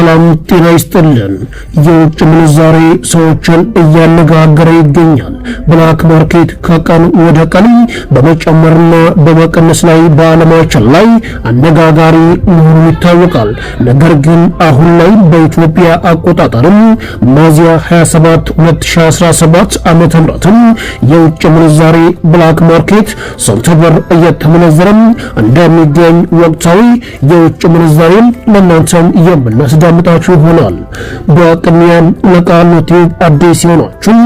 ሰላም ጤና ይስጥልን። የውጭ ምንዛሬ ሰዎችን እያነጋገረ ይገኛል። ብላክ ማርኬት ከቀን ወደ ቀን በመጨመርና በመቀነስ ላይ በዓለማችን ላይ አነጋጋሪ መሆኑ ይታወቃል። ነገር ግን አሁን ላይ በኢትዮጵያ አቆጣጠርም ሚያዝያ 27 2017 ዓ ምትም የውጭ ምንዛሬ ብላክ ማርኬት ስንት ብር እየተመነዘረም እንደሚገኝ ወቅታዊ የውጭ ምንዛሬን ለእናንተም የምናስዳ የምናስደምጣችሁ ይሆናል። በቅድሚያም ለቃል ዩቲዩብ አዲስ የሆናችሁ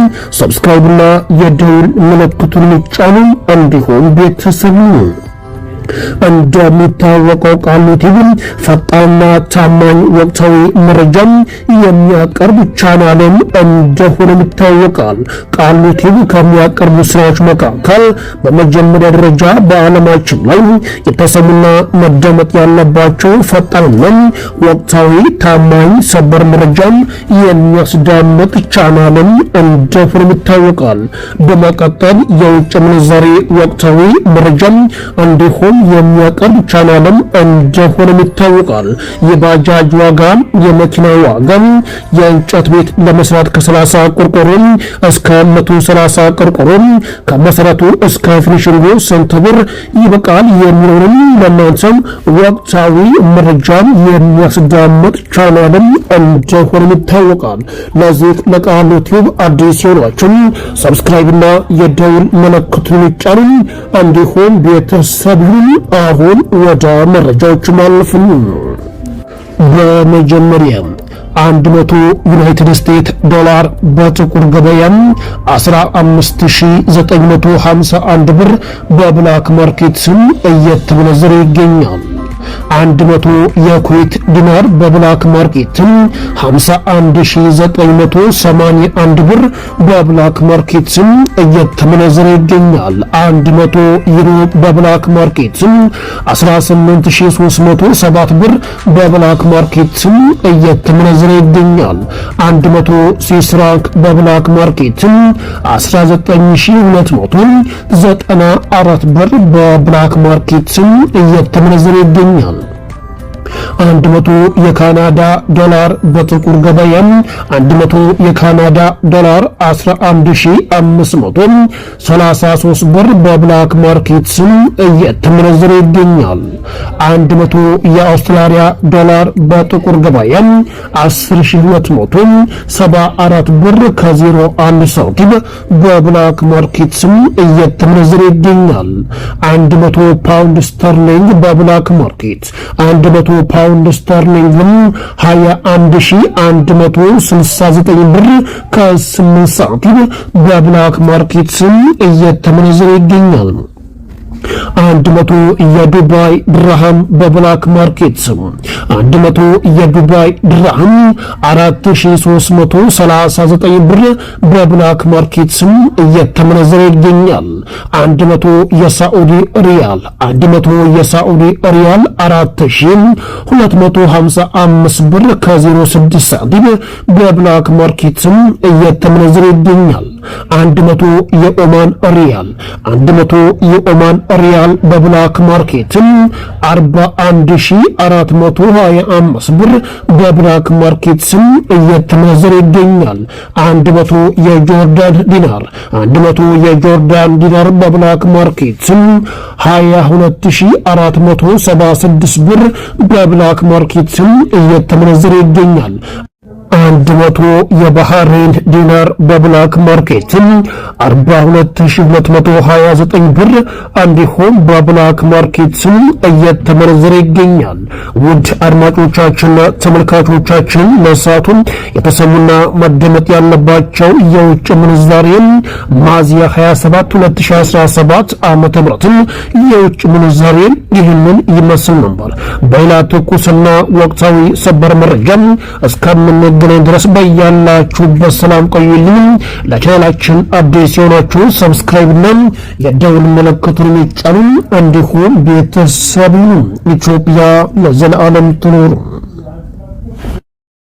ሰብስክራይብና የደውል ምልክቱን የሚጫኑ እንዲሁም ቤተሰብ ነው። እንደሚታወቀው ቃሉ ቃሊቲም ፈጣንና ታማኝ ወቅታዊ መረጃም የሚያቀርብ ቻናልም እንደሆነ ይታወቃል። ቃሉ ቃሊቲም ከሚያቀርቡ ስራዎች መካከል በመጀመሪያ ደረጃ በዓለማችን ላይ የተሰሙና መደመጥ ያለባቸው ፈጣንና ወቅታዊ ታማኝ ሰበር መረጃም የሚያስዳምጥ ቻናልም እንደሆነ ይታወቃል። በመቀጠል የውጭ ምንዛሬ ወቅታዊ መረጃም እንዲሁም ላይም የሚያቀርብ ቻናልም እንደሆነም ይታወቃል። የባጃጅ ዋጋ፣ የመኪና ዋጋ፣ የእንጨት ቤት ለመስራት ከ30 ቆርቆሮ እስከ 130 ቆርቆሮ ከመሰረቱ እስከ ፊኒሽንጉ ስንት ብር ይበቃል የሚለውንም ለእናንተም ወቅታዊ መረጃም የሚያስዳምጥ ቻናልም እንደሆነም ይታወቃል። ለዚህ ለቃሉ ዩቲዩብ አዲስ የሆናችሁም ሰብስክራይብና የደውል መለክቱን ይጫኑ። እንዲሁም ቤተሰብ አሁን ወደ መረጃዎች ማለፍን በመጀመሪያም 100 ዩናይትድ ስቴትስ ዶላር በጥቁር ገበያ 15951 ብር በብላክ ማርኬት ስም እየተመነዘረ ይገኛል። 100 የኩዌት ዲናር በብላክ ማርኬትም 51981 ብር በብላክ ማርኬትም እየተመነዘረ ይገኛል። 100 ዩሮ በብላክ ማርኬትም 18307 ብር በብላክ ማርኬትም እየተመነዘረ ይገኛል። 100 ስዊስ ፍራንክ በብላክ ማርኬትም 19294 ብር በብላክ ማርኬትም እየተመነዘረ ይገኛል። Konya'nın መቶ የካናዳ ዶላር በጥቁር ገበያም መቶ የካናዳ ዶላር 11533 ብር በብላክ ማርኬት ስም እየተመነዘረ ይገኛል። መቶ የአውስትራሊያ ዶላር በጥቁር ገበያም 10274 ብር ከ01 ሳንቲም በብላክ ማርኬት ስም እየተመነዘረ ይገኛል። መቶ ፓውንድ ስተርሊንግ በብላክ ማርኬት 100 ፓውንድ ስተርሊንግም 21169 ብር ከ8 ሳንቲም በብላክ ማርኬት ስም እየተመነዘረ ይገኛል። አንድ መቶ የዱባይ ድርሃም በብላክ ማርኬት ስም አንድ መቶ የዱባይ ድርሃም 4339 ብር በብላክ ማርኬት ስም እየተመነዘረ ይገኛል። አንድ መቶ የሳዑዲ ሪያል መቶ የሳዑዲ ሪያል 4255 ብር ከ06 ሳንቲም በብላክ ማርኬት ስም እየተመነዘረ ይገኛል። 100 የኦማን ሪያል 100 የኦማን ሪያል ሪያል በብላክ ማርኬትም 41425 ብር በብላክ ማርኬት ስም እየተመነዘረ ይገኛል። 100 የጆርዳን ዲናር 100 የጆርዳን ዲናር በብላክ ማርኬት ስም 22476 ብር በብላክ ማርኬት ስም እየተመነዘረ ይገኛል። 100 የባህሬን ዲናር በብላክ ማርኬት 42229 ብር እንዲሁም በብላክ ማርኬትም እየተመነዘረ ይገኛል። ውድ አድማጮቻችንና ተመልካቾቻችን ለሰዓቱም የተሰሙና መደመጥ ያለባቸው የውጭ ምንዛሬን ማዚያ 27 2017 ዓ ምህረትን የውጭ ምንዛሬን ይህንን ይመስል ነበር። በሌላ ትኩስና ወቅታዊ ሰበር መረጃም እስከምንገናኝ ድረስ በያላችሁበት ሰላም ቆዩልኝ። ለቻናላችን አዲስ የሆናችሁ ሰብስክራይብና የደውል ምልክቱን የሚጫኑ እንዲሁም ቤተሰብ ኢትዮጵያ ለዘለዓለም ትኖሩ።